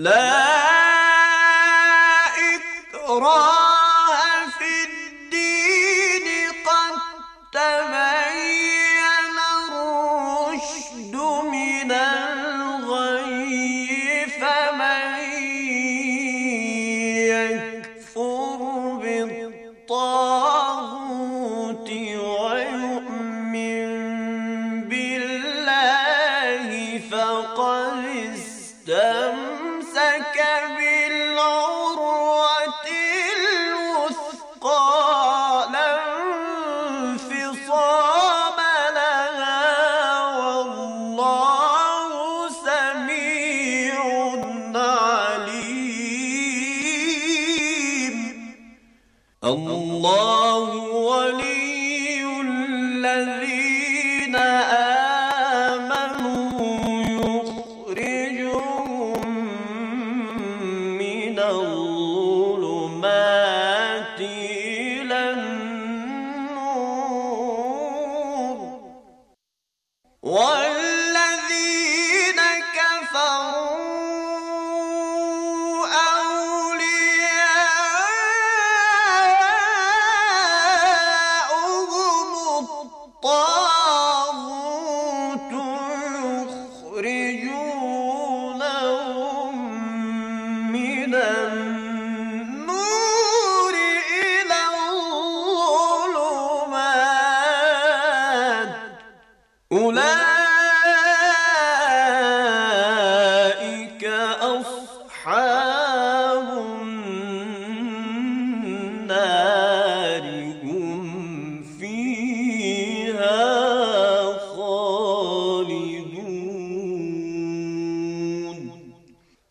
لا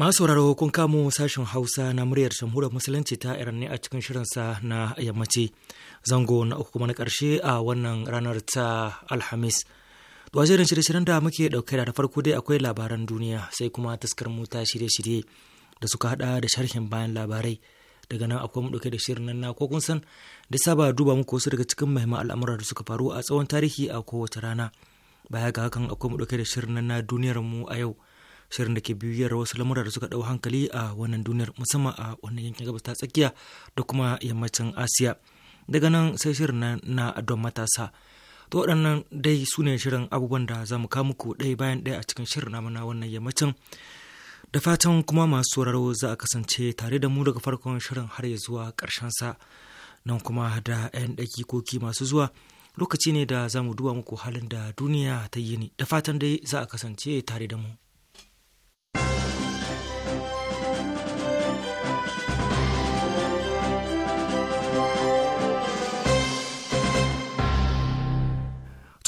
Masu sauraro kun kamo sashen Hausa na muryar jamhuriyar Musulunci ta Iran ne a cikin shirinsa na yammaci. Zango na uku kuma na ƙarshe a wannan ranar ta Alhamis. To shirin shirye-shiryen da muke ɗauke da farko dai akwai labaran duniya sai kuma taskar mota shirye-shirye da suka hada da sharhin bayan labarai. Daga nan akwai mu dauke da shirin nan na ko kun san da saba duba muku wasu daga cikin muhimman al'amuran da suka faru a tsawon tarihi a kowace rana. Baya ga hakan akwai mu dauke da shirin nan na duniyar mu a yau. shirin da ke biyuyar wasu lamura da suka dau hankali a wannan duniyar musamman a wannan yankin gabas ta tsakiya da kuma yammacin asiya daga nan sai shirin na don matasa to waɗannan dai su ne shirin abubuwan da za mu kawo muku ɗaya bayan ɗaya a cikin shirin namu na wannan yammacin da fatan kuma masu sauraro za a kasance tare da mu daga farkon shirin har ya zuwa ƙarshen sa nan kuma da 'yan ɗaki koki masu zuwa lokaci ne da za mu duba muku halin da duniya ta yi ni da fatan dai za a kasance tare da mu.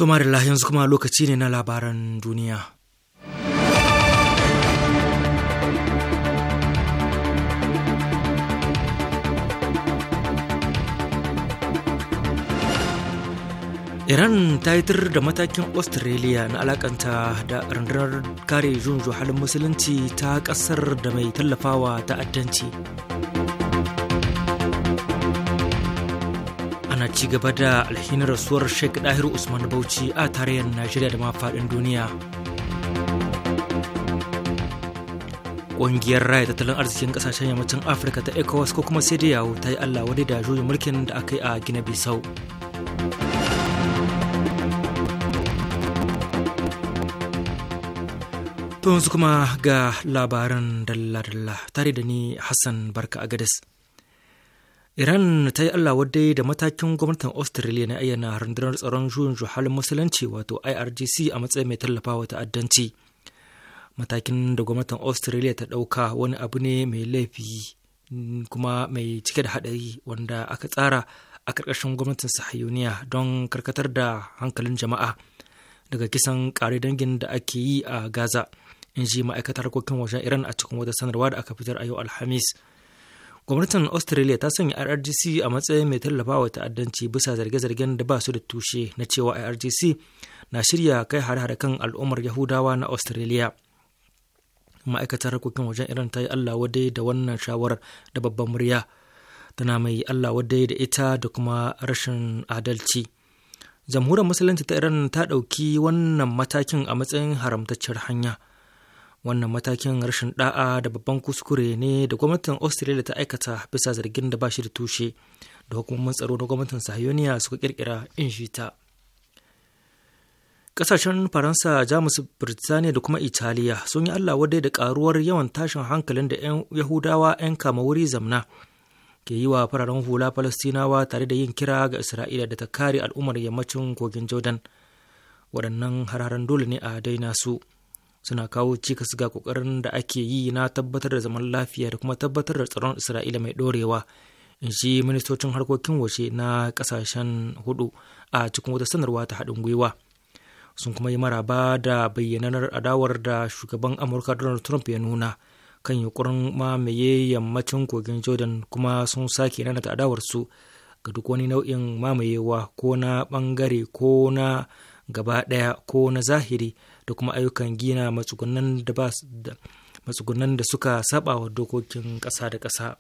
To Marilla yanzu kuma lokaci ne na labaran duniya. Iran ta yi da matakin Australia na alakanta da rundunar kare junjo halin musulunci ta ƙasar da mai tallafawa ta'addanci. ci gaba da alhinin rasuwar Sheikh Dahir Usman Bauchi a tarayyar Najeriya da mafaɗin duniya. Ƙungiyar raya tattalin arzikin ƙasashen yammacin Afirka ta ECOWAS ko kuma yawo ta yi Allah wadai da juyin mulkin da aka yi a Gina Bisau. To yanzu kuma ga labarin dalla-dalla tare da ni Hassan Barka Agadis. Iran ta yi Allah wadai da matakin gwamnatin Australia na ayyana rundunar tsaron juyin juhalin musulunci wato IRGC a matsayin mai tallafawa ta'addanci. Matakin da gwamnatin Australia ta ɗauka wani abu ne mai laifi kuma mai cike da haɗari wanda aka tsara a ƙarƙashin gwamnatin sahayuniya don karkatar da hankalin jama'a daga kisan ƙare dangin da ake yi a Gaza. In ji ma'aikatar harkokin wajen Iran a cikin wata sanarwa da aka fitar a yau Alhamis. gwamnatin australia ta sanya irgc a matsayin mai tallafawa ta'addanci bisa zarge-zargen da ba su da tushe na cewa irgc na shirya kai hare-hare kan al'ummar yahudawa na australia ma'aikatar harkokin wajen iran ta yi allah wadai da wannan shawarar da babban murya tana mai allah wadai da ita da kuma rashin adalci jamhuriyar musulunci ta iran ta ɗauki wannan matakin a matsayin haramtacciyar hanya wannan matakin rashin da'a da babban kuskure ne da gwamnatin australia ta aikata bisa zargin da ba shi da tushe da hukumomin tsaro na gwamnatin sahiyoniya suka kirkira in shi ta kasashen faransa jamus birtaniya da kuma italiya sun yi allah wadai da karuwar yawan tashin hankalin da 'yan yahudawa 'yan kama wuri zamna ke yi wa fararen hula falastinawa tare da yin kira ga isra'ila da ta kare al'ummar yammacin kogin jordan waɗannan hararen dole ne a daina su suna kawo cikas ga kokarin da ake yi na tabbatar da zaman lafiya da kuma tabbatar da tsaron isra'ila mai dorewa in shi ministocin harkokin waje na kasashen hudu a cikin wata sanarwa ta haɗin gwiwa sun kuma yi maraba da bayyanar adawar da shugaban amurka donald trump ya nuna kan yunkurin mamaye yammacin kogin jordan kuma sun sake nanata adawarsu ga duk wani nau'in mamayewa ko na bangare ko na gaba ɗaya ko na zahiri da kuma ayyukan gina matsugunan da suka saba wa dokokin ƙasa da ƙasa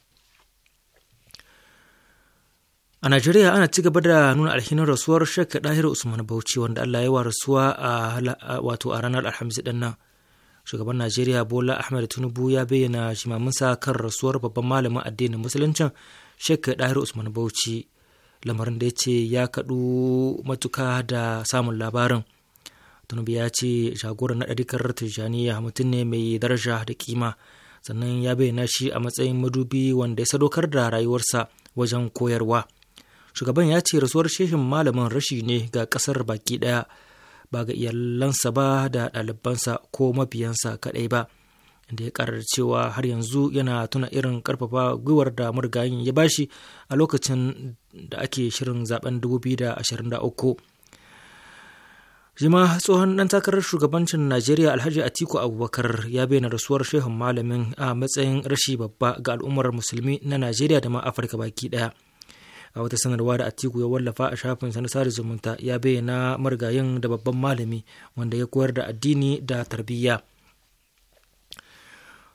a najeriya ana ci gaba da nuna alhinin rasuwar shekka dahir usman bauchi wanda allah ya wa rasuwa a wato a ranar alhamis din nan shugaban najeriya bola ahmed tinubu ya bayyana jimaminsa kan rasuwar babban malamin addinin musuluncin shekka dahir usman bauchi lamarin da ya ce ya kaɗu matuka da samun labarin tunubi ya ce jagoran na ɗarikar tijjaniya mutum ne mai daraja da kima sannan ya bayyana shi a matsayin madubi wanda ya sadaukar da rayuwarsa wajen koyarwa shugaban ya ce rasuwar shehin malamin rashi ne ga ƙasar baki ɗaya ba ga iyalansa ba da ɗalibansa ko mabiyansa kaɗai ba da ya ƙarar cewa har yanzu yana tuna irin karfafa gwiwar da murgayin ya bashi a lokacin da ake shirin zaben 2023 Jima tsohon ɗan takarar shugabancin Najeriya Alhaji Atiku Abubakar ya bayyana rasuwar shehun malamin a matsayin rashi babba ga al'ummar musulmi na Najeriya da ma Afirka baki ɗaya. A wata sanarwa da Atiku ya wallafa a shafin na sada zumunta ya bayyana marigayin da babban malami wanda ya koyar da addini da tarbiyya.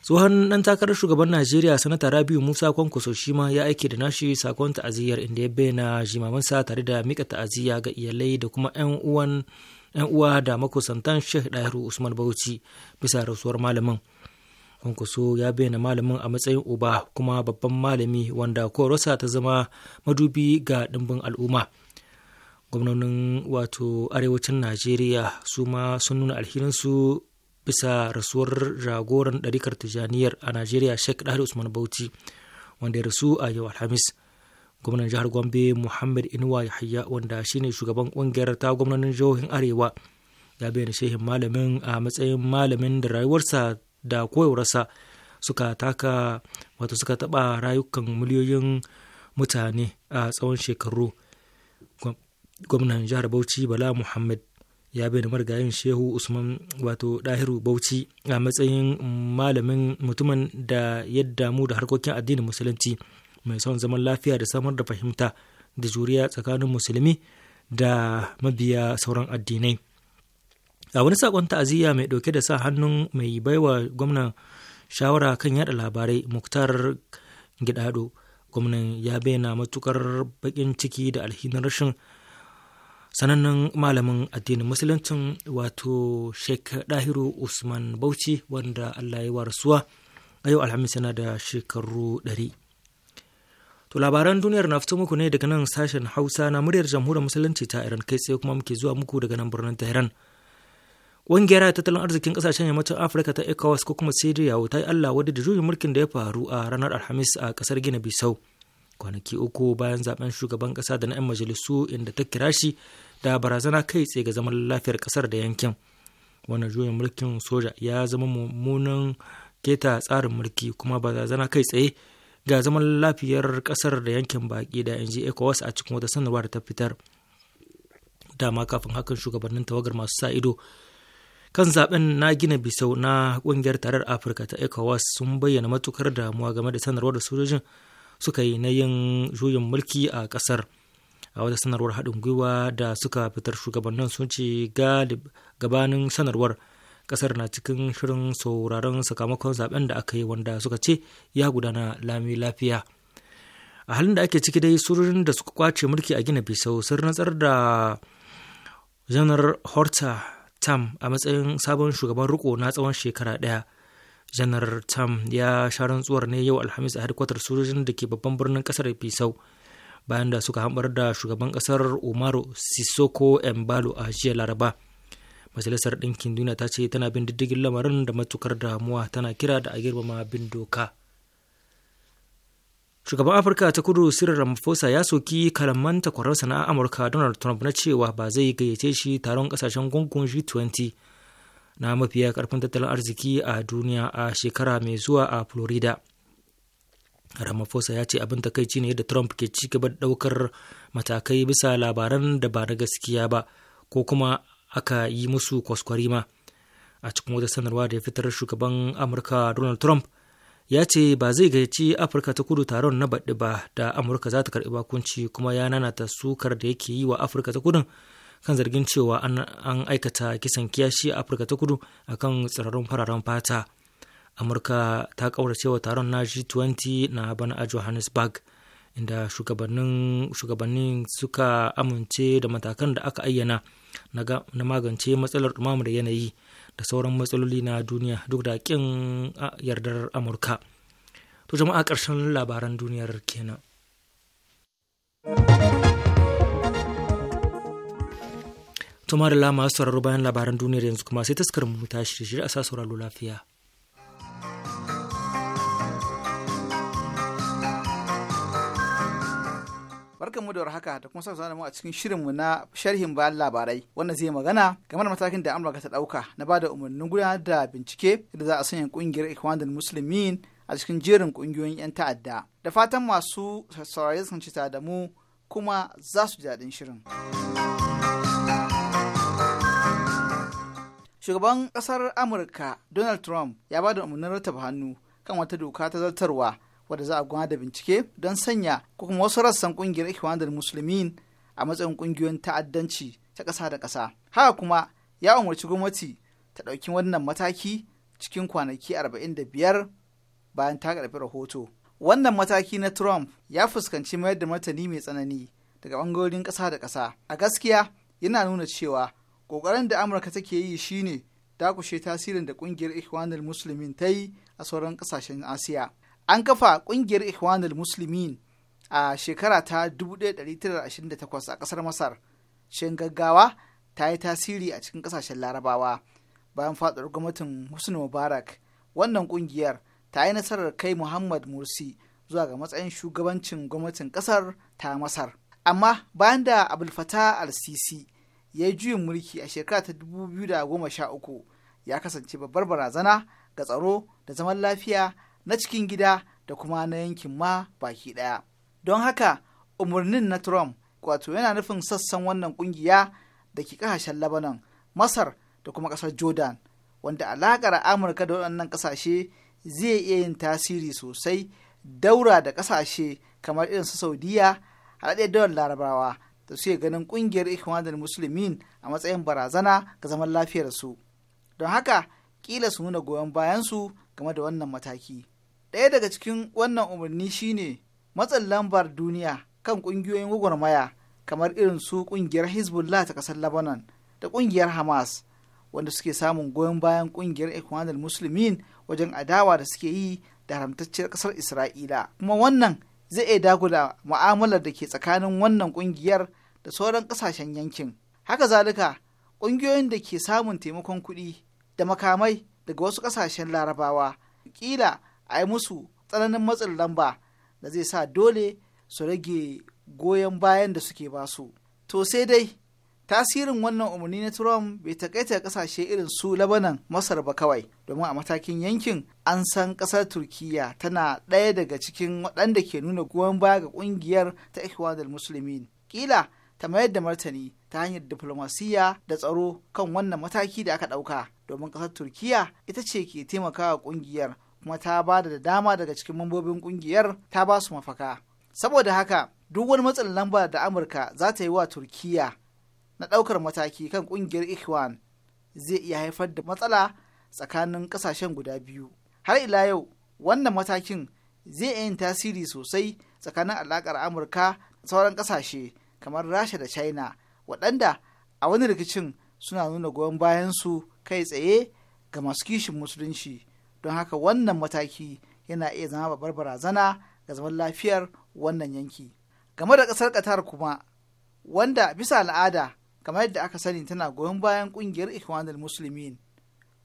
tsohon ɗan takarar shugaban najeriya sanata rabiu musa kwankwaso shi ma ya aiki da nashi sakon ta'aziyyar inda ya bayyana jimamansa tare da mika ta'aziyya ga iyalai da kuma 'yan uwan 'yan uwa da makusantan Sheikh Dahiru Usman Bauchi bisa rasuwar malamin. Kwankwaso ya bayyana malamin a matsayin uba kuma babban malami wanda Korasa ta zama madubi ga ɗimbin al'umma. Gwamnonin wato arewacin Najeriya su ma sun nuna alhirinsu bisa rasuwar jagoran ɗarikar Tijaniyar a Najeriya Sheikh Dahiru Usman Bauchi wanda ya rasu a yau Alhamis. gwamnan jihar gombe muhammad inuwa yahaya wanda shine shugaban kungiyar ta gwamnanin jihohin arewa ya bayyana shehin malamin a matsayin malamin da rayuwarsa da koyarwarsa suka taka wato suka taba rayukan miliyoyin mutane a tsawon shekaru gwamnan jihar bauchi bala muhammad ya bayyana marigayin shehu usman wato dahiru bauchi a matsayin malamin mutumin da ya damu da harkokin addinin musulunci mai son zaman lafiya da samar da fahimta da juriya tsakanin musulmi da mabiya sauran addinai a wani sakon ta'aziyya mai dauke da sa hannun mai baiwa gwamnan shawara kan yada labarai muktar gidado gwamnan ya bayyana matukar bakin ciki da alhinin rashin sanannen malamin addinin musuluncin wato sheikh dahiru usman bauchi wanda allah ya warsuwa a yau alhamis yana da shekaru ɗari. To labaran duniyar na fito muku ne daga nan sashen Hausa na muryar jamhuriyar musulunci ta Iran kai tsaye kuma muke zuwa muku daga nan birnin Tehran. Ƙungiyar tattalin arzikin ƙasashen yammacin Afirka ta ECOWAS ko kuma syria ta yi Allah wadda da juyin mulkin da ya faru a ranar Alhamis a kasar Gina Bisau. Kwanaki uku bayan zaben shugaban ƙasa da na 'yan majalisu inda ta kira shi da barazana kai tsaye ga zaman lafiyar ƙasar da yankin. Wannan juyin mulkin soja ya zama mummunan keta tsarin mulki kuma barazana kai tsaye ga zaman lafiyar kasar da yankin baki da yanzu ecowas a cikin wata sanarwa da ta fitar dama kafin hakan shugabannin tawagar masu sa ido kan zaben na gina bisau na kungiyar tarar afirka ta ecowas sun bayyana matukar damuwa game da sanarwar da sojojin suka yi na yin juyin mulki a kasar a wata sanarwar haɗin gwiwa da suka fitar shugabannin sun ce gabanin sanarwar kasar na cikin shirin sauraron sakamakon zaben da aka yi wanda suka ce ya gudana lami lafiya a halin da ake ciki dai sururin da suka kwace mulki a gina bisau sun rantsar da janar horta tam a matsayin sabon shugaban riko na tsawon shekara daya janar tam ya sha rantsuwar ne yau alhamis a hadkwatar sojojin da ke babban birnin kasar bisau bayan da suka hambar da shugaban kasar umaru sisoko embalo a jiya laraba majalisar ɗinkin duniya ta ce tana bin diddigin lamarin da matukar damuwa tana kira da a girmama bin doka shugaban afirka ta kudu cyril ramaphosa ya soki kalaman takwararsa sana'a amurka donald trump na cewa ba zai gayyace shi taron kasashen gungun g20 na mafiya karfin tattalin arziki a duniya a shekara mai zuwa a florida ramaphosa ya ce abin takaici ne yadda trump ke ci gaba da daukar matakai bisa labaran da ba na gaskiya ba ko kuma aka yi musu kwaskwari kwaskwarima a cikin wata sanarwa da ya fitar shugaban amurka donald trump ya ce ba zai gayyaci afirka ta kudu taron na baɗi ba da amurka za ta karɓi bakunci kuma ya nanata sukar da yake yi wa afirka ta kudu kan zargin cewa an aikata kisan kiyashi a afirka ta kudu akan tsirarun fararen fata amurka ta ƙaurace wa taron na g20 na bana a johannesburg inda shugabannin suka amince da matakan da aka ayyana na magance matsalar dumamu da yanayi da sauran matsaloli na duniya duk da kin yardar amurka to jama'a ƙarshen labaran duniyar kenan tumar da lama sauraro bayan labaran duniyar yanzu kuma sai taskar mu ta shirye a sa sauraro lafiya barkan mu da haka da kuma sauka mu a cikin shirinmu na sharhin bayan labarai wanda zai magana game da matakin da amurka ta ɗauka na ba da umarnin gudanar da bincike da za a sanya kungiyar ikwanul muslimin a cikin jerin ƙungiyoyin 'yan ta'adda da fatan masu saurari sun ci da mu kuma za su ji daɗin shirin shugaban ƙasar amurka donald trump ya ba da umarnin rattaba hannu kan wata doka ta zartarwa wadda za a gudanar da bincike don sanya ko kuma wasu rassan ƙungiyar ikhwanul muslimin a matsayin ƙungiyoyin ta'addanci ta ƙasa da ƙasa haka kuma ya umarci gwamnati ta ɗauki wannan mataki cikin kwanaki arba'in da biyar bayan ta karɓi rahoto wannan mataki na trump ya fuskanci mayar da martani mai tsanani daga ɓangarorin ƙasa da ƙasa a gaskiya yana nuna cewa ƙoƙarin da amurka take yi shine dakushe tasirin da ƙungiyar ikhwanul muslimin ta yi a sauran ƙasashen asiya an kafa ƙungiyar ikhwanul muslimin a shekara ta 1928 a ƙasar masar shin gaggawa ta yi tasiri a cikin ƙasashen larabawa bayan faɗar gwamnatin husni mubarak wannan ƙungiyar ta yi nasarar kai muhammad mursi zuwa ga matsayin shugabancin gwamnatin ƙasar ta masar amma bayan da abulfata al-sisi ya yi juyin mulki a shekara ta 2013 ya kasance babbar barazana ga tsaro da zaman lafiya na cikin gida da kuma na yankin ma baki ɗaya. Don haka umarnin na Trump wato yana nufin sassan wannan ƙungiya da ke ƙasashen Lebanon, Masar da kuma ƙasar Jordan, wanda alaƙar Amurka da waɗannan ƙasashe zai iya yin tasiri sosai daura da ƙasashe kamar irin su Saudiya, haɗaɗɗiyar dawar Larabawa da suke ganin ƙungiyar Ikhwanul Musulmin a matsayin barazana ga zaman lafiyarsu. Don haka, ƙila su nuna goyon bayansu game da wannan mataki. ɗaya daga cikin wannan umarni shine matsin lambar duniya kan ƙungiyoyin gwagwarmaya kamar irin su ƙungiyar hezbollah ta ƙasar lebanon da ƙungiyar hamas wanda suke samun goyon bayan ƙungiyar ikwanul musulmin wajen adawa da suke yi da haramtacciyar ƙasar isra'ila kuma wannan zai iya dagula mu'amalar da ke tsakanin wannan ƙungiyar da sauran ƙasashen yankin haka zalika ƙungiyoyin da ke samun taimakon kuɗi da makamai daga wasu ƙasashen larabawa kila a yi musu tsananin matsin lamba da zai sa dole su rage goyon bayan da suke basu. To sai dai tasirin wannan umarni na Trump bai takaita kasashe irin su Labanan Masar ba kawai domin a matakin yankin an san kasar Turkiyya tana ɗaya daga cikin waɗanda ke nuna goyon baya ga ƙungiyar ta Ikhwanul musulmi. ƙila ta mayar da martani ta hanyar diflomasiyya da tsaro kan wannan mataki da aka ɗauka domin ƙasar Turkiyya ita ce ke taimakawa ƙungiyar kuma ta ba da dama daga cikin mambobin kungiyar ta ba su mafaka saboda haka duk wani matsalin lamba da amurka za ta yi wa turkiya na ɗaukar mataki kan kungiyar ikhwan zai iya haifar da matsala tsakanin ƙasashen guda biyu har ila yau wannan matakin zai yin tasiri sosai tsakanin alaƙar amurka da sauran ƙasashe kamar rasha da china waɗanda a wani rikicin suna nuna goyon su kai tsaye ga masu kishin musulunci don haka wannan mataki yana iya zama babbar barazana ga zaman lafiyar wannan yanki game da ƙasar qatar kuma wanda bisa al'ada kamar yadda aka sani tana goyon bayan ƙungiyar ikhwanul muslimin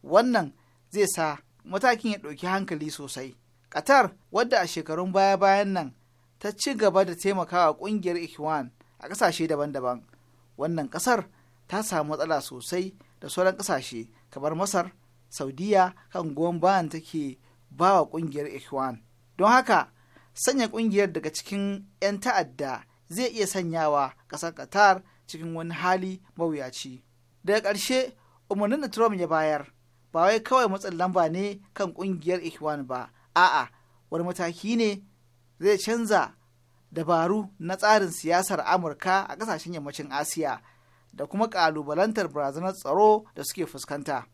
wannan zai sa matakin ya ɗauki hankali sosai qatar wadda a shekarun baya bayan nan ta ci gaba da taimakawa ƙungiyar ikhwan a ƙasashe daban-daban wannan ƙasar ta samu matsala sosai da sauran ƙasashe kamar masar saudiya kan goyon bayan take ba wa ƙungiyar ikhwan don haka sanya ƙungiyar daga cikin 'yan ta'adda zai iya sanyawa ƙasar qatar cikin wani hali mawuyaci daga ƙarshe umarnin da trump ya bayar ba wai kawai matsin lamba ne kan ƙungiyar ikhwan ba a'a wani mataki ne zai canza dabaru na tsarin siyasar amurka a ƙasashen yammacin asiya da kuma ƙalubalantar barazanar tsaro da suke fuskanta.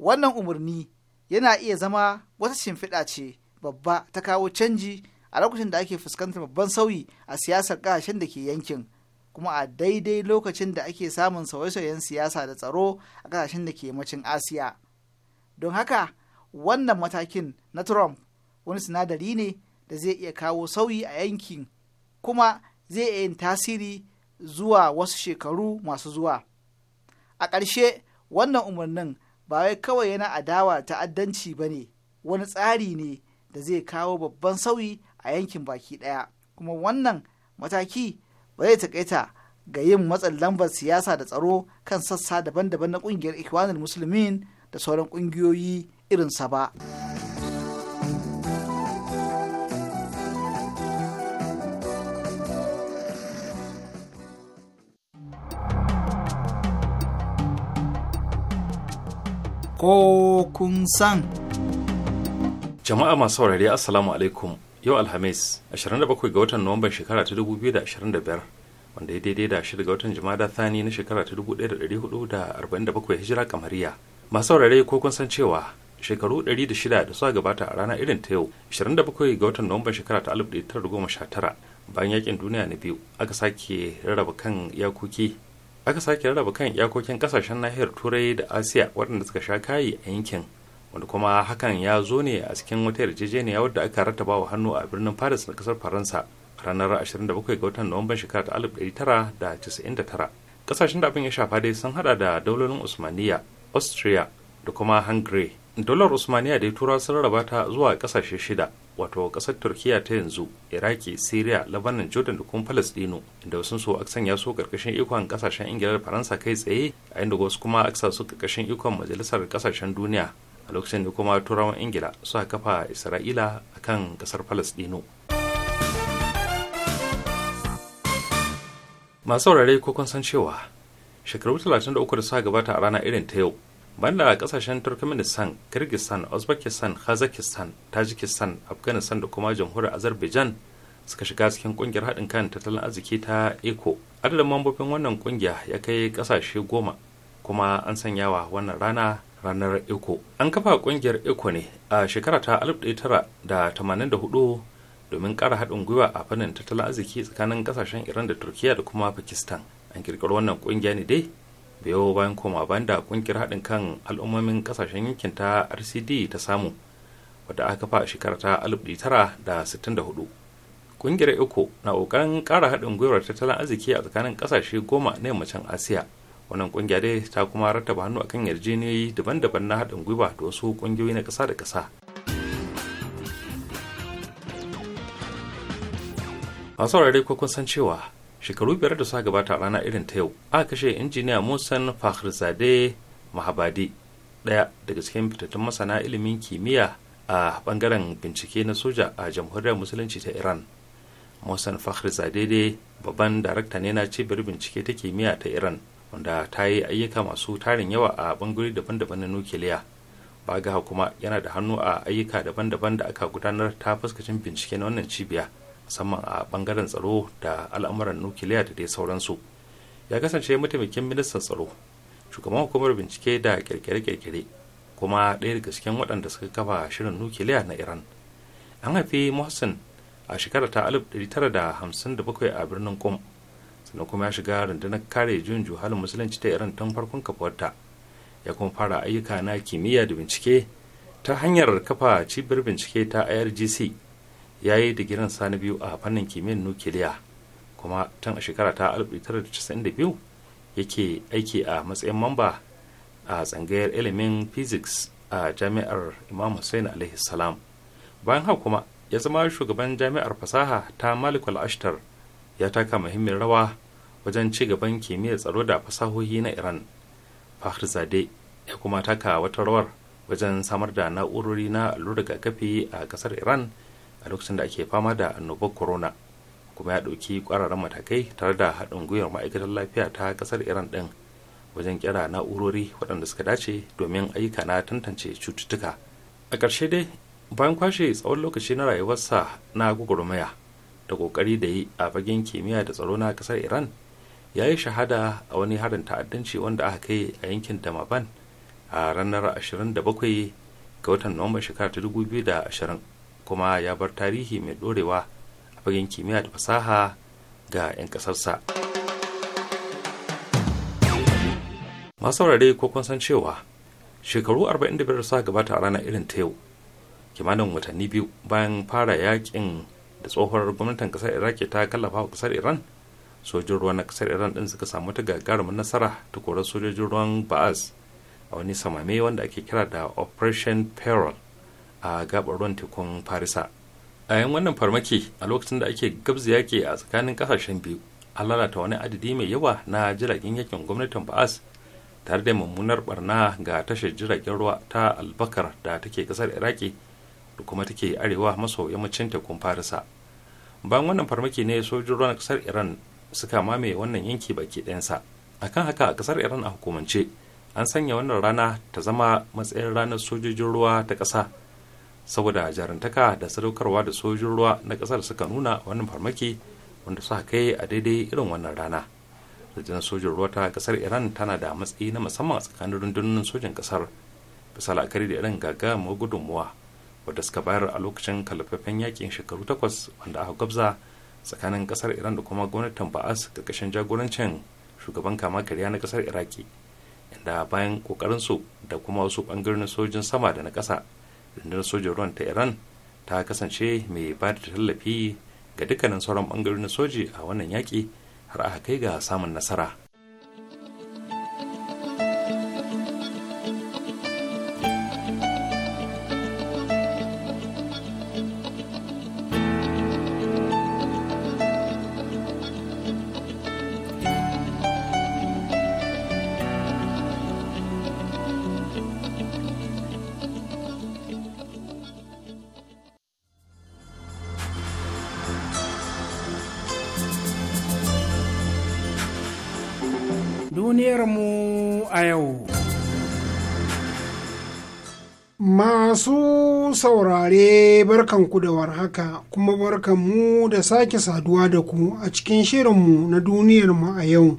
wannan umarni yana iya zama wata shimfiɗa ce babba ta kawo canji a lokacin da ake fuskantar babban sauyi a siyasar ƙasashen da ke yankin kuma a daidai lokacin da ake samun sauye-sauyen siyasa da tsaro a ƙasashen da ke yammacin asiya don haka wannan matakin na trump wani sinadari ne da zai iya kawo sauyi a yankin kuma zai iya yin tasiri zuwa wasu shekaru masu zuwa a ƙarshe wannan umarnin ba wai kawai yana adawa ta'addanci ba ne wani tsari ne da zai kawo babban sauyi a yankin baki ɗaya kuma wannan mataki ba zai taƙaita ga yin matsin lambar siyasa da tsaro kan sassa daban-daban na ƙungiyar ikwanul musulmin da sauran ƙungiyoyi irinsa ba. ko kun san. Jama'a masu saurari Assalamu alaikum yau Alhamis 27 ga watan Nuwamban shekara ta 2025 wanda ya daidai da shida ga watan Jumada Thani na shekara ta 1447 hijira kamariya. Masu saurari ko kun san cewa shekaru 106 da suka gabata a rana irin ta yau 27 ga watan Nuwamban shekara ta 1919 bayan yakin duniya na biyu aka sake rarraba kan iyakoki aka sake rarraba kan iyakokin kasashen nahiyar turai da asiya waɗanda suka sha kayi a yankin wanda kuma hakan ya zo ne a cikin wata yarjejeniya wadda aka rattaba wa hannu a birnin paris na kasar faransa ranar 27 ga watan nuwamban shekara ta 1999 kasashen da abin ya shafa dai sun hada da daularin usmaniya austria da kuma hungary dolar usmaniya da ya tura sun rarraba ta zuwa kasashe shida wato kasar turkiya ta yanzu iraki syria labanan jordan da kuma palestino inda wasu so aka sanya so karkashin ikon kasashen ingila da faransa kai tsaye a inda wasu kuma aka sa su karkashin ikon majalisar kasashen duniya a lokacin da kuma turawan ingila suka kafa isra'ila a akan kasar palestino masu saurare ko kun san cewa shekaru 33 da suka gabata a rana irin ta yau banda kasashen turkmenistan kyrgyzstan uzbekistan kazakistan tajikistan afghanistan da kuma jamhuriyar azerbaijan suka shiga cikin kungiyar haɗin kan tattalin arziki ta eco adadin mambobin wannan kungiya ya kai kasashe goma kuma an sanya wa wannan rana ranar eco an kafa kungiyar eco ne a shekara ta alif tara da hudu domin ƙara haɗin gwiwa a fannin tattalin arziki tsakanin kasashen iran da turkiya da kuma pakistan an kirkiri wannan kungiya ne dai biyo bayan koma bayan da kungiyar haɗin kan al'ummomin ƙasashen yankin ta rcd ta samu wadda aka kafa a shekara ta 1964 kungiyar eco na ƙoƙarin ƙara haɗin gwiwar tattalin arziki a tsakanin ƙasashe goma na yammacin asiya wannan kungiya dai ta kuma rattaba hannu akan yarjejeniyoyi daban-daban na haɗin gwiwa da wasu kungiyoyi na ƙasa da ƙasa masu saurari ko kun san cewa shekaru biyar da suka gabata rana irin ta yau aka kashe injiniya musan fakhrizade mahabadi ɗaya daga cikin fitattun masana ilimin kimiyya a bangaren bincike na soja a jamhuriyar musulunci ta iran musan fakhrizade dai babban darakta ne na cibiyar bincike ta kimiyya ta iran wanda ta yi ayyuka masu tarin yawa a bangarori daban-daban na nukiliya baga kuma yana da hannu a ayyuka daban-daban da aka gudanar ta fuskacin bincike na wannan cibiya musamman a bangaren tsaro da al'amuran nukiliya da dai sauransu ya kasance mataimakin ministan tsaro shugaban hukumar bincike da kirkire-kirkire kuma ɗaya daga cikin waɗanda suka kafa shirin nukiliya na iran an haifi mohsen a shekara ta 1957 a birnin kum sannan kuma ya shiga rundunar kare juyin juhalin musulunci ta iran tun farkon kafuwarta ya kuma fara ayyuka na kimiyya da bincike ta hanyar kafa cibiyar bincike ta irgc ya yi digirin sani biyu a fannin kimiyyar nukiliya kuma tun a shekara ta 1992 yake aiki a matsayin mamba a tsangayar ilimin physics a jami'ar imam hussein alaihi salam bayan haka kuma ya zama shugaban jami'ar fasaha ta malikul ashtar ya taka muhimmin rawa wajen ci gaban kimiyyar tsaro da fasahohi na iran zade ya kuma taka wata rawar wajen samar da na'urori na ga rigakafi a kasar iran a lokacin da ake fama da annobar corona kuma ya ɗauki ƙwararren matakai tare da haɗin gwiwar ma'aikatar lafiya ta ƙasar iran ɗin wajen kira na'urori waɗanda suka dace domin ayyuka na tantance cututtuka a ƙarshe dai bayan kwashe tsawon lokaci na rayuwarsa na gwagwarmaya da ƙoƙari da yi a fagen kimiyya da tsaro na ƙasar iran ya yi shahada a wani harin ta'addanci wanda aka kai a yankin damaban a ranar 27 ga watan nuwamba shekara ta 2020 kuma ya bar tarihi mai ɗorewa a fagen kimiyya da fasaha ga 'yan ƙasarsa. masu saurare ko kun san cewa shekaru 45 sa gabata a ranar irin ta yau kimanin watanni biyu bayan fara yakin da tsohuwar gwamnatin kasar ke ta kallafa wa kasar iran sojin ruwa na kasar iran din suka samu ta gagarumin nasara ta sojojin ruwan ba'az a wani samame wanda ake kira da operation peril a gabar ruwan tekun farisa a yan wannan farmaki a lokacin da ake gabza yaƙi a tsakanin ƙasashen biyu an lalata wani adadi mai yawa na jiragen yakin gwamnatin ba'as tare da mummunar barna ga tashar jiragen ruwa ta albakar da take ƙasar iraki da kuma take arewa maso yammacin tekun farisa bayan wannan farmaki ne sojin ruwan ƙasar iran suka mamaye wannan yanki baki ɗayansa akan haka a ƙasar iran a hukumance an sanya wannan rana ta zama matsayin ranar sojojin ruwa ta ƙasa saboda jarantaka da sadaukarwa da sojin ruwa na kasar suka nuna wannan farmaki wanda suka kai a daidai irin wannan rana rundunar sojin ruwa ta kasar iran tana da matsayi na musamman a tsakanin rundunonin sojin kasar bisa la'akari da irin gaga ma gudunmuwa wadda suka bayar a lokacin kalafafen yakin shekaru takwas wanda aka gwabza tsakanin kasar iran da kuma gwamnatin ba'as karkashin jagorancin shugaban kama karya na kasar iraki inda bayan kokarinsu da kuma wasu bangarorin sojin sama da na kasa rundunar sojin ruwan ta iran ta kasance mai ba da tallafi ga dukkanin sauran bangarorin soji a wannan yaƙi har aka kai ga samun nasara barkanku da warhaka kuma mu da sake saduwa da ku a cikin shirinmu na duniyarmu a yau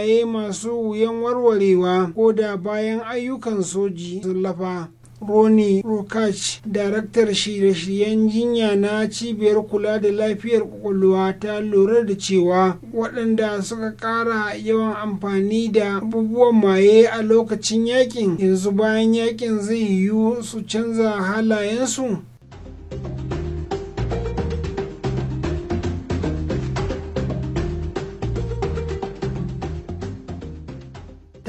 halaye masu wuyan warwarewa ko da bayan ayyukan soji sun lafa Roni Rokach, daraktar shirye-shiryen jinya na cibiyar kula da lafiyar kwakwalwa ta lura da cewa waɗanda suka ƙara yawan amfani da abubuwan maye a lokacin yakin yanzu bayan yakin zai yiwu su canza halayensu.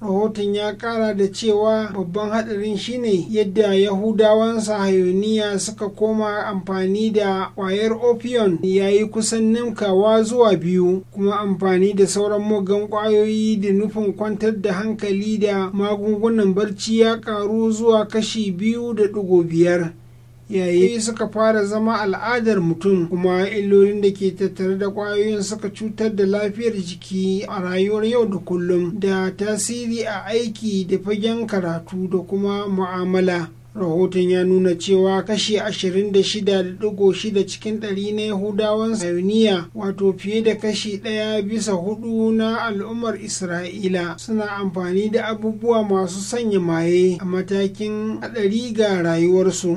rahoton ya kara da cewa babban hadarin shine yadda yahudawan sahayoniya suka koma amfani da kwayar opium ya yi kusan nimkawa zuwa biyu kuma amfani da sauran mugan kwayoyi da nufin kwantar da hankali da magungunan barci ya karu zuwa kashi biyu da digo biyar yayi suka fara zama al'adar mutum kuma illolin da ke tattare da kwayoyin suka cutar da lafiyar jiki a rayuwar yau da kullum da tasiri a aiki da fagen karatu da kuma mu'amala rahoton ya nuna cewa kashi 26.6 cikin ɗari na yahudawan sauniya wato fiye da kashi ɗaya bisa hudu na al'ummar isra'ila suna amfani da abubuwa masu sanya maye a matakin haɗari ga rayuwarsu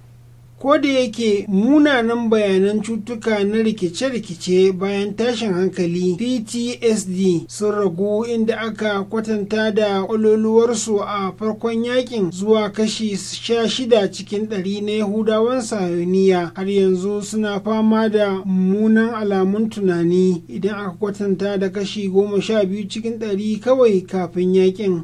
ko da yake munanan bayanan cutuka na rikice-rikice bayan tashin hankali ptsd sun ragu inda aka kwatanta da ƙwaloluwarsu a farkon yakin zuwa kashi sha shida cikin ɗari na yahudawan sayoniya har yanzu suna fama da munan alamun tunani idan aka kwatanta da kashi goma sha cikin ɗari kawai kafin yakin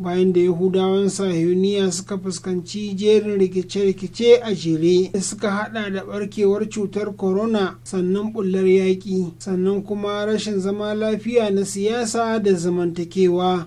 bayan da yahudawan Sahuniya suka fuskanci jerin rikice-rikice a jere da suka hada da barkewar cutar corona sannan bullar yaƙi sannan kuma rashin zama lafiya na siyasa da zamantakewa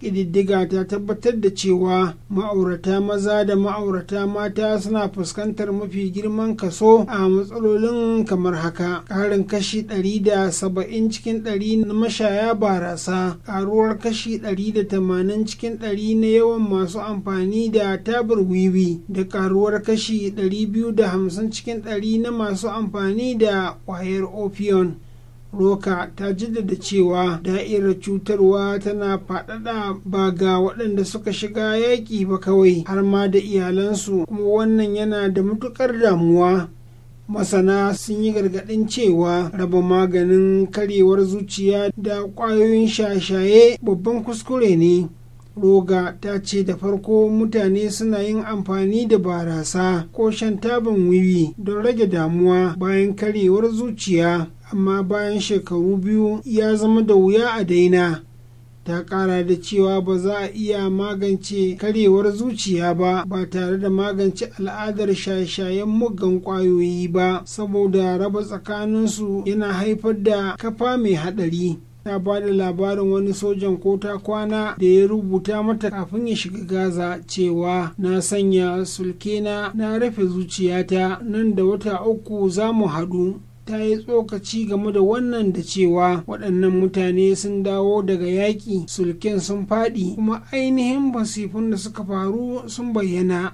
ƙididdiga ta tabbatar da cewa ma'aurata maza da ma'aurata mata suna fuskantar mafi girman kaso a matsalolin kamar haka ƙarin kashi 170 cikin 100 na mashaya barasa ƙaruwar kashi 180 cikin 100 na yawan masu amfani da tabar wiwi da ƙaruwar kashi 250 cikin 100 na masu amfani da ƙwayar opion roka ta jaddada cewa da'irar cutarwa tana faɗaɗa ba ga waɗanda suka shiga yaƙi ba kawai har ma da iyalansu kuma wannan yana da matuƙar damuwa masana sun yi gargaɗin cewa raba maganin karyewar zuciya da ƙwayoyin shashaye babban kuskure ne roga ta ce da farko mutane suna yin amfani da barasa ko shan tabin wiwi don rage damuwa bayan karyewar zuciya amma bayan shekaru biyu ya zama da wuya a daina ta kara da cewa ba za a iya magance karewar zuciya ba ba tare da magance al'adar shaye-shayen muggan kwayoyi ba saboda raba tsakaninsu yana haifar da kafa mai hadari ta ba da labarin wani sojan ko ta kwana da ya rubuta mata kafin ya shiga gaza cewa na sanya sulkena na rufe zuciyata nan da wata uku za mu haɗu ta yi tsokaci game da wannan da cewa waɗannan mutane sun dawo daga yaƙi sulken sun faɗi kuma ainihin basifun da suka faru sun bayyana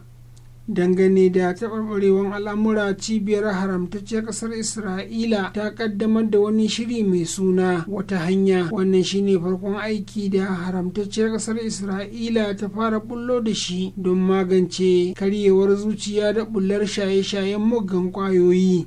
dangane da taɓarɓarewar al'amura cibiyar haramtacciyar ƙasar isra'ila ta ƙaddamar da wani shiri mai suna wata hanya wannan shine farkon aiki da haramtacciyar ƙasar isra'ila ta fara bullo da shi don magance karyewar zuciya da bullar shaye-shayen muggan ƙwayoyi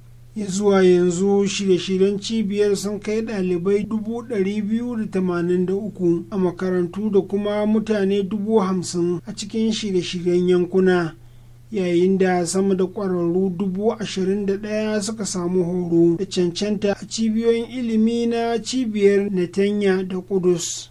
ya zuwa yanzu shirye-shiryen cibiyar sun kai dalibai 283 a makarantu da kuma mutane 50,000 a cikin shirye-shiryen yankuna yayin da sama da ƙwararru 21,000 suka samu horo da cancanta a cibiyoyin ilimi na cibiyar netanya da kudus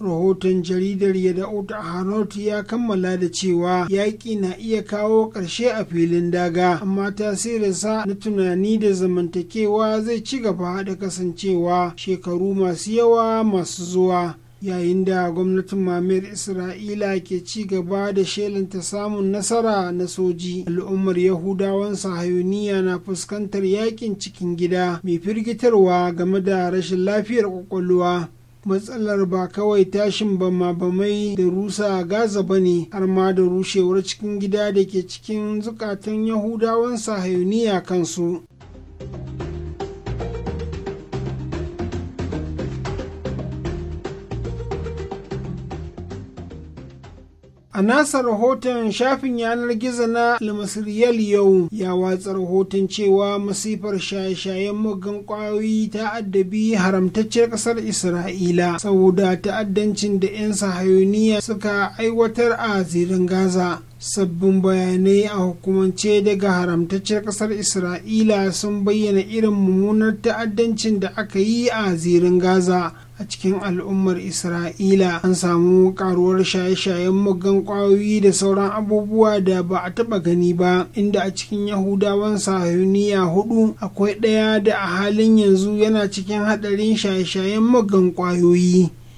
rahoton jaridar ya yada'ut hanot ya kammala da cewa yaƙi na iya kawo ƙarshe a filin daga amma tasirinsa na tunani da zamantakewa zai ci gaba da kasancewa shekaru masu yawa masu zuwa yayin da gwamnatin mamayar isra'ila ke ci gaba da shelanta samun nasara na soji al'ummar yahudawan sahayuniya na fuskantar yakin cikin gida mai firgitarwa game da rashin lafiyar ƙwaƙwalwa. matsalar ba kawai tashin bama-bamai da rusa a gaza ba ne har ma da rushewar cikin gida da ke cikin zukatan yahudawan sahayuniya kansu a nasa rahoton shafin yanar gizo na almasiriyal yau ya watsa rahoton cewa masifar shaye-shayen muggan kwayoyi ta addabi haramtacciyar ƙasar isra'ila saboda ta'addancin da 'yan sahayoniya suka aiwatar a zirin gaza sabbin bayanai a hukumance daga haramtacciyar ƙasar isra'ila sun bayyana irin mummunar ta'addancin da aka yi a zirin gaza a cikin al'ummar isra'ila an samu karuwar shaye-shayen muggan kwayoyi da sauran abubuwa da ba a taba gani ba inda a cikin yahudawan sahuniya hudu akwai ɗaya da a halin yanzu yana cikin haɗarin shaye-shayen muggan kwayoyi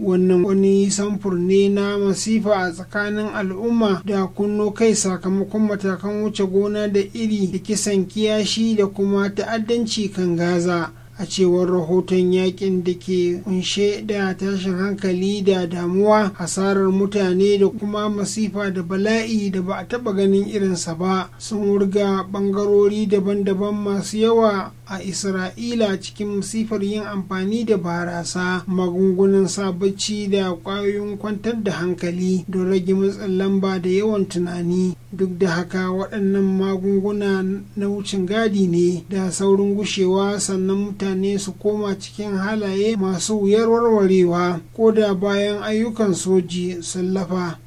wannan wani samfur ne na masifa a tsakanin al'umma da kunno kai sakamakon matakan wuce gona da iri da kisan kiyashi da kuma ta'addanci kan gaza a cewar rahoton yakin da ke kunshe da tashin hankali da damuwa hasarar mutane da kuma masifa da bala'i da ba a taba ganin irinsa ba sun wurga bangarori daban-daban masu yawa a isra'ila cikin masifar yin amfani da barasa magungunan sabacci da kwayoyin kwantar da hankali don rage matsin lamba da yawan tunani duk da haka waɗannan magunguna na wucin gadi ne da saurin gushewa sannan mutane mutane su koma cikin halaye masu wuyar warwarewa ko da bayan ayyukan soji sallafa lafa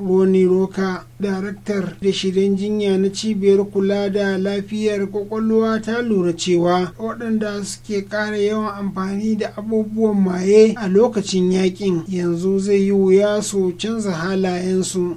roni roka daraktar da shirin jinya na cibiyar kula da lafiyar kwakwalwa ta lura cewa waɗanda suke ƙara yawan amfani da abubuwan maye a lokacin yakin yanzu zai yi wuya su canza halayensu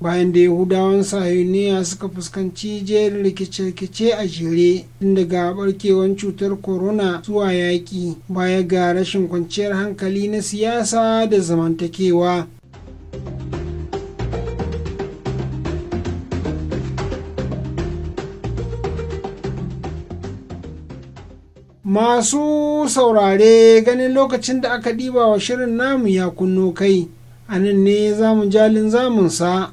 bayan da yahudawan sayuniya suka fuskanci jerin rikice-rikice a jere tun daga barkewan cutar corona zuwa yaƙi baya ga rashin kwanciyar hankali na siyasa da zamantakewa masu saurare ganin lokacin da aka ɗiba wa shirin namu ya kunno kai a nan ne zamu jalin zamunsa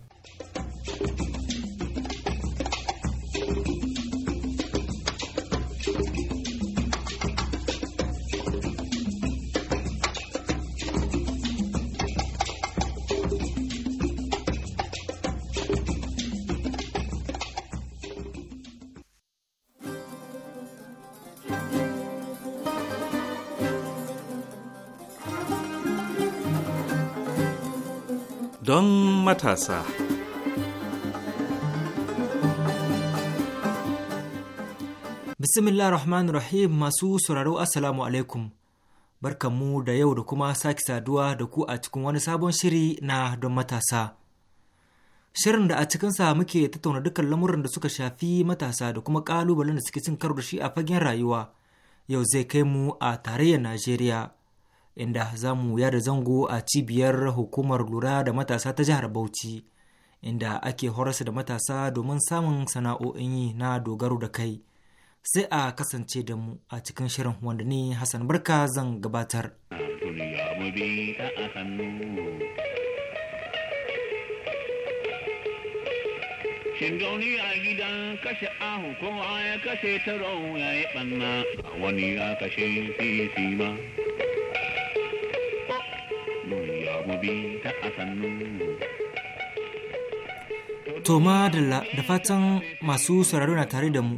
matasa. Bismillah Rahman Rahim masu sauraro Assalamu alaikum. Barkanmu da yau da kuma sake saduwa da ku a cikin wani sabon shiri na don matasa. Shirin da a cikinsa muke tattauna dukkan lamuran da suka shafi matasa da kuma ƙalubalen da suke cin karo da shi a fagen rayuwa. Yau zai kai mu a tarayyar Najeriya. inda za mu yada zango a cibiyar hukumar lura da matasa ta jihar Bauchi inda ake horasa da matasa domin samun sana'o'in yi na dogaro da kai. Sai a kasance da mu a cikin shirin wanda ni Hassan Barka zan gabatar. Shin gauni a gidan kashe ahu kowa ya kashe taro ya yi ɓanna, wani ya kashe fi ma. Toma da fatan masu sauraro na tare da mu.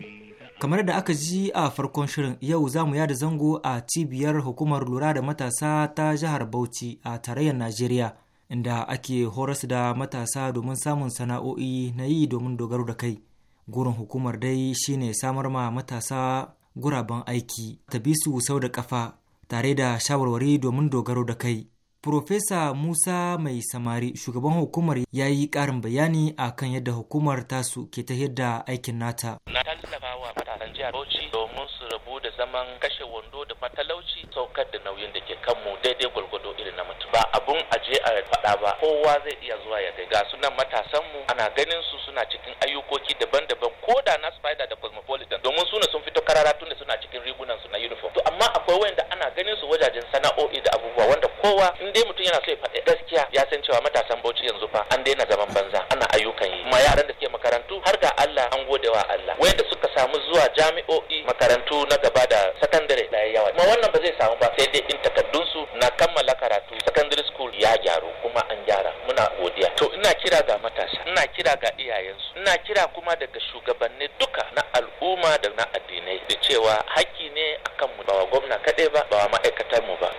Kamar da aka ji a farkon shirin yau za mu yada zango a cibiyar hukumar lura da matasa ta jihar Bauchi a tarayyar Najeriya inda ake horas da matasa domin samun sana'o'i na yi domin dogaro da kai. Gurin hukumar dai shine samar ma matasa guraben aiki ta bi su sau da kafa tare da shawarwari domin dogaro da kai. Profesa Musa Mai Samari shugaban hukumar ya yi ƙarin bayani a kan yadda hukumar tasu ke ta yadda aikin nata. Na tallafa wa matasan jihar Bauchi domin su rabu da zaman kashe wando da matalauci saukar da nauyin da ke kanmu daidai gwalgwado irin na mutum. Ba abun aje a faɗa ba kowa zai iya zuwa ya ga sunan matasanmu ana ganin su suna cikin ayyukoki daban-daban ko da na spider da cosmopolitan domin su ne sun fito karara tun da suna cikin rigunan su na uniform. To amma akwai wanda ana ganin su wajajen sana'o'i da abubuwa wanda kowa in in dai mutum yana so ya faɗi gaskiya ya san cewa matasan bauchi yanzu fa an daina zaman banza ana ayyukan yi kuma yaran da suke makarantu har ga Allah an gode wa Allah wanda suka samu zuwa jami'o'i makarantu na gaba da sakandare da yawa kuma wannan ba zai samu ba sai dai in takaddun su na kammala karatu secondary school ya gyaru kuma an gyara muna godiya to ina kira ga matasa ina kira ga iyayensu ina kira kuma daga shugabanni duka na al'umma da na addinai da cewa haƙƙi ne akan mu ba wa gwamna kaɗai ba ba wa ma'aikatar mu ba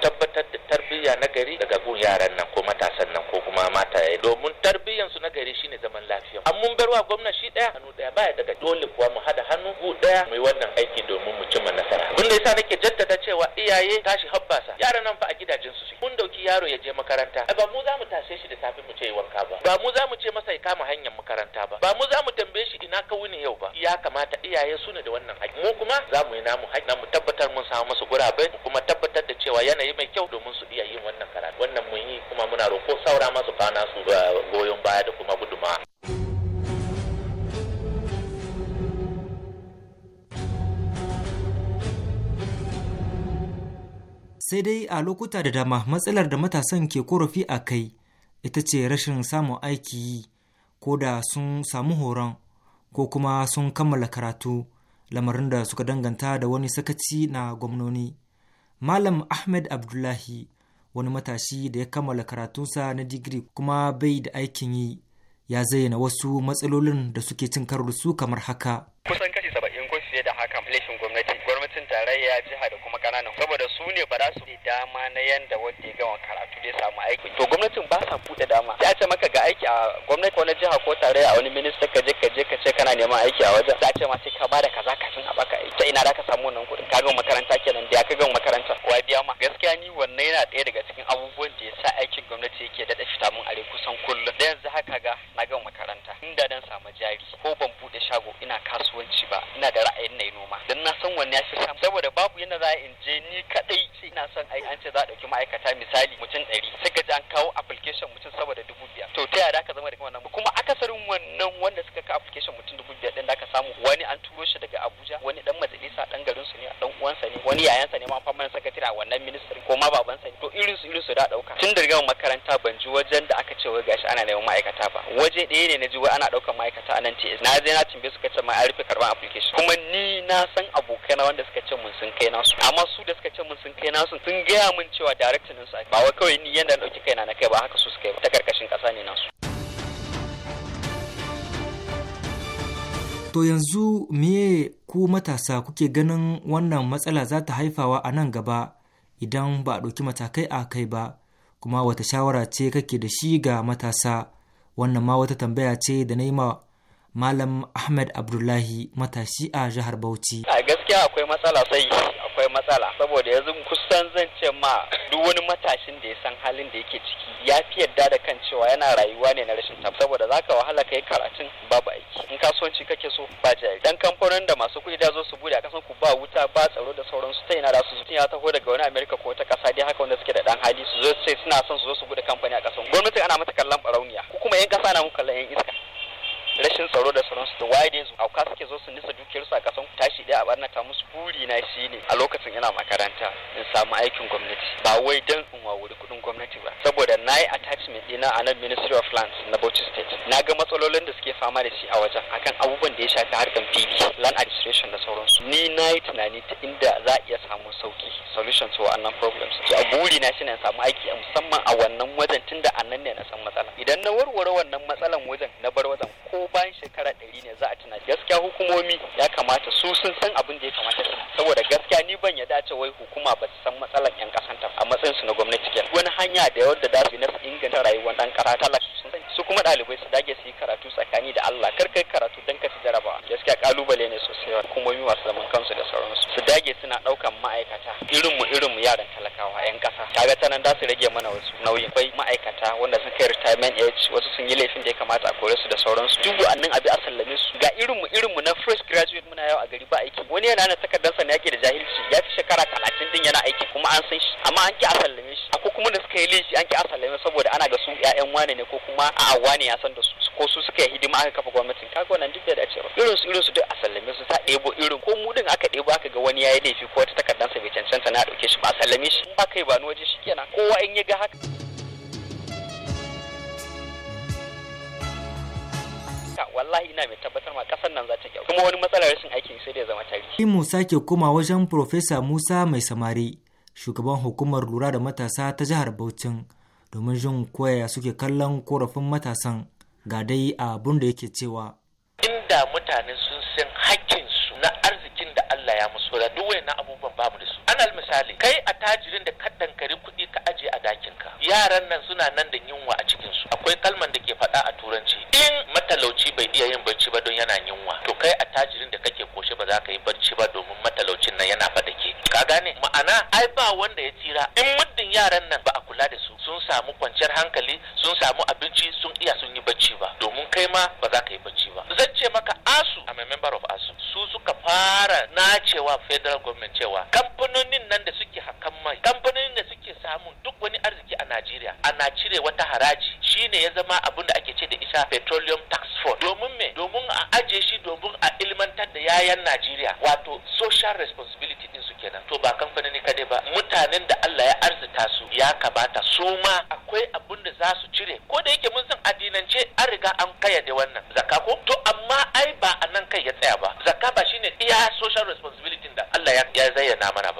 na gari daga gun yaran nan ko matasan nan ko kuma mata mataye domin tarbiyyar su na gari shine zaman lafiya amma mun barwa gwamna shi daya hannu daya baya daga dole kuwa mu hada hannu ku daya mu yi wannan aiki domin mu cimma nasara abin yasa nake jaddada cewa iyaye tashi habbasa yaran nan fa a gidajen su mun dauki yaro ya je makaranta ba mu za mu tashe shi da safe mu ce wanka ba ba mu za mu ce masa ya kama hanyar makaranta ba ba mu za mu tambaye shi ina ka wuni yau ba ya kamata iyaye su ne da wannan haƙƙi mu kuma za mu yi namu haƙƙi mu tabbatar mun samu musu gurabe mu kuma tabbatar da cewa yanayi mai kyau domin su iya yin wannan karatu wannan mun yi kuma muna roƙo saura masu kana su eh, goyon baya da kuma guduma sai dai a lokuta da dama matsalar da matasan ke korafi a kai ita ce rashin samun aiki yi ko da sun samu horon ko kuma sun kammala karatu lamarin da suka danganta da wani sakaci na gwamnoni malam ahmed abdullahi wani matashi da ya kammala karatunsa na digiri kuma bai da aikin yi ya zayyana wasu matsalolin da suke cin karo su kamar haka kusan tarayya jiha da kuma kananan saboda su ne ba za su yi dama na yanda wanda ya gama karatu zai samu aiki to gwamnatin ba sa buɗe dama Ya ce maka ga aiki a gwamnati ko jiha ko tarayya a wani minista ka je ka je ka ce kana neman aiki a wajen za a ce ma sai ka bada kaza kafin a baka aiki ta ina za ka samu wannan kuɗin ka gama makaranta kenan da ya ka gama makaranta wa biya ma gaskiya ni wannan yana ɗaya daga cikin abubuwan da ya sa aikin gwamnati yake daɗa fita mun are kusan kullum da yanzu haka ga na gama makaranta inda dan samu jari ko ban buɗe shago ina kasuwanci ba ina da ra'ayin na noma dan na san wanne ya fi samu saboda babu yana za in je ni kadai ina son ai an ce za a dauki ma'aikata misali mutum ɗari sai ka an kawo application mutum saboda dubu biyar to ta yaya ka zama da wannan kuma akasarin wannan wanda suka ka application mutum dubu biyar din da ka samu wani an turo shi daga Abuja wani dan majalisa dan garin su ne dan sa ne wani sa ne ma famanin sakatare a wannan ministry ko ma babansa ne to irin su irin su da dauka tun da riga makaranta ban ji wajen da aka ce wai gashi ana neman ma'aikata ba waje ɗaya ne na ji wai ana daukan ma'aikata a nan na je na tambaye suka ce ma an rufe karban application kuma ni na san abokai na wanda suka ce ce mun sun kai nasu amma su da suka ce mun sun kai nasu sun gaya mun cewa direction din su ba wai kawai ni yanda na dauki kaina na kai ba haka su suka yi ta karkashin kasa ne nasu To yanzu miye ku matasa kuke ganin wannan matsala za ta haifawa a nan gaba idan ba a ɗauki matakai a kai ba, kuma wata shawara ce kake da shi ga matasa, wannan ma wata tambaya ce da na yi ma Malam Ahmed Abdullahi matashi a jihar Bauchi. A gaskiya akwai matsala sai akwai matsala saboda yanzu kusan zan ce ma duk wani matashin da ya san halin da yake ciki ya fi yadda da kan cewa yana rayuwa ne na rashin tabbas saboda zaka wahala kai karatun babu aiki in kasuwanci kake so ba jari dan kamfanin da masu kuɗi da zo su bude a kasan ku ba wuta ba tsaro da sauran su ta ina da su ya taho daga wani Amerika ko ta kasa dai haka wanda suke da dan hali su zo sai suna son su zo su bude kamfani a kasan gwamnati ana mata kallon barauniya ku kuma yan kasa na mu kallon yan iska rashin tsaro da sauran su da waye su auka suke zo su nisa dukiyarsu a kasan tashi ɗaya a barnata musu buri na shi ne. a lokacin ina makaranta in samu aikin gwamnati ba wai dan in wawuri kuɗin gwamnati ba saboda na yi attachment ɗina a nan ministry of lands na bauchi state na ga matsalolin da suke fama da shi a wajen akan abubuwan da ya shafi harkar fili land administration da sauransu ni na yi tunani ta inda za a iya samu sauki solution to wannan problems a buri na shi ne samu aiki musamman a wannan wajen tunda a nan ne na san matsala idan na warware wannan matsalan wajen na bar wajen ko ko bayan shekara ɗari ne za a tuna gaskiya hukumomi ya kamata su sun san abin da ya kamata su saboda gaskiya ni ban ya ce wai hukuma ba su san matsalar yan kasanta a matsayin su na gwamnati kenan wani hanya da yadda da su na inganta rayuwar ɗan ƙasa talaka sun su kuma ɗalibai su dage su yi karatu tsakani da Allah kar kai karatu dan ka ci jarabawa gaskiya kalubale ne sosai hukumomi masu zaman kansu da sauransu su dage suna ɗaukan ma'aikata irin mu irin mu yaran talakawa yan ƙasa kaga ta nan za su rage mana wasu nauyin akwai ma'aikata wanda sun kai retirement age wasu sun yi laifin da ya kamata a kore su da sauransu duk wa'annan abi a sallame su ga irin mu irin mu na fresh graduate muna yawa a gari ba aiki wani yana na takardarsa na yake da jahilci ya fi shekara talatin din yana aiki kuma an san shi amma an ki a sallame shi akwai kuma da suka yi laifi an ki a sallame saboda ana ga su 'ya'yan wane ne ko kuma a'a wani ya san da su ko su suka yi hidima aka kafa gwamnatin kaga wannan duk da dace ba irin su irin su duk a sallame su ta ɗebo irin ko mu din aka ɗebo aka ga wani yayi laifi ko wata takardar sa bai cancanta na ɗauke shi ba a sallame shi ba kai ba ni waje shi kenan kowa in ya ga haka wallahi ina mai tabbatar ma kasar nan za ta kyau kuma wani matsalar rashin aiki sai da ya zama tarihi. mu sake koma wajen Profesa Musa Mai Samari, shugaban hukumar lura da matasa ta jihar Bauchi. domin jin koya suke kallon korafin matasan ga dai abun da yake cewa inda mutane sun san hakkin su na arzikin da Allah ya musu da duk wayannan abubuwan babu da su anal misali kai a tajirin da ka dankari kuɗi ka aje a dakin ka yaran nan suna nan da yunwa a cikinsu. akwai kalman da ke faɗa a turanci in matalauci bai iya yin barci ba don yana yunwa to kai a tajirin da kake koshe ba za ka yi barci ba don wanda ya tsira in muddin yaran nan ba a kula da su sun samu kwanciyar hankali sun samu abinci sun iya sun yi bacci ba domin kai ma ba za ka yi bacci ba zan ce maka asu a member of asu su suka fara na cewa federal government cewa kamfanonin nan da suke hakan mai kamfanonin da suke samun duk wani arziki a Najeriya ana cire wata haraji shine ya zama abin da ake ce da isa. petroleum tax fund domin me domin a aje shi domin a ilmantar da yayan Najeriya wato social responsibility din su kenan to ba kamfanin mutanen da Allah ya arzita su ya kamata su ma akwai abin da za su cire ko da yake mun san addinance an riga an da wannan zakka ko to amma ai ba a nan kai ya tsaya ba zakka ba shine iya social responsibility da Allah ya zayyana mana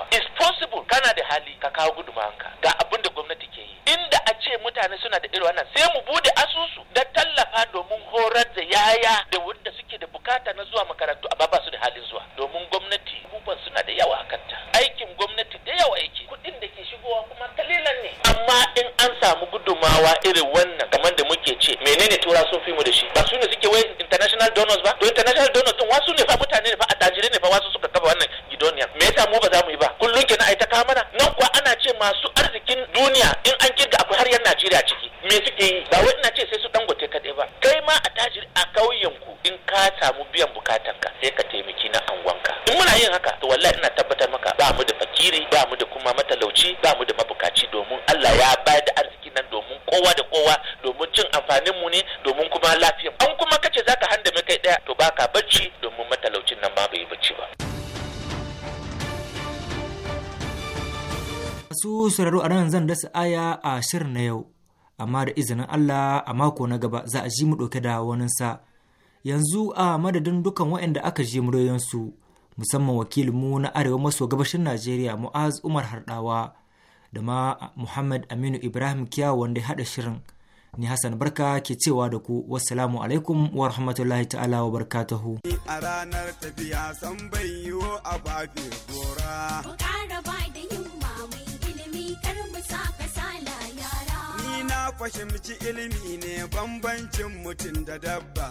sauraro a nan zan dasa aya a shirin na yau, amma da izinin Allah a mako na gaba za a ji mu ɗauke da sa Yanzu a madadin dukan waɗanda aka ji muryoyinsu, musamman wakilinmu na Arewa maso gabashin Najeriya Mu'az Umar Harɗawa da ma Muhammad Aminu Ibrahim Kiya wanda ya haɗa shirin. ni Hassan Barka ke cewa da ku wassalamu alaikum wa rahmatullahi ta'ala wa barakatuhu. A ranar tafiya san bai fahimci ilimi ne bambancin mutum da dabba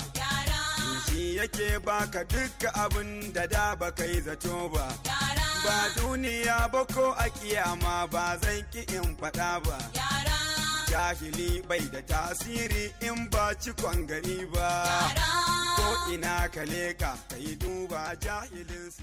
shi yake baka dukka abin da da baka yi zato ba ba duniya ba ko a kiyama ba zan ki in faɗa ba jahili bai da tasiri in ba ci gari ba ko ina ka leka ka yi duba jahilin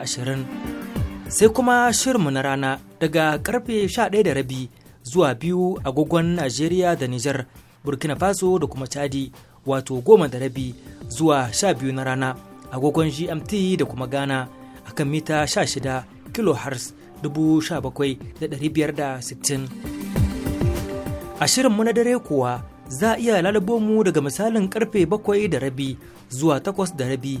ashirin sai kuma shirinmu na rana daga karfe 11:30 zuwa biyu agogon Najeriya da Nijar Burkina Faso da kuma Chadi wato goma da rabi zuwa sha biyu na rana agogon GMT da kuma Ghana akan mita 16 kilohertz 17,560 a shirinmu na dare kuwa za a iya lalabo mu daga misalin karfe 7 da rabi zuwa 8 da rabi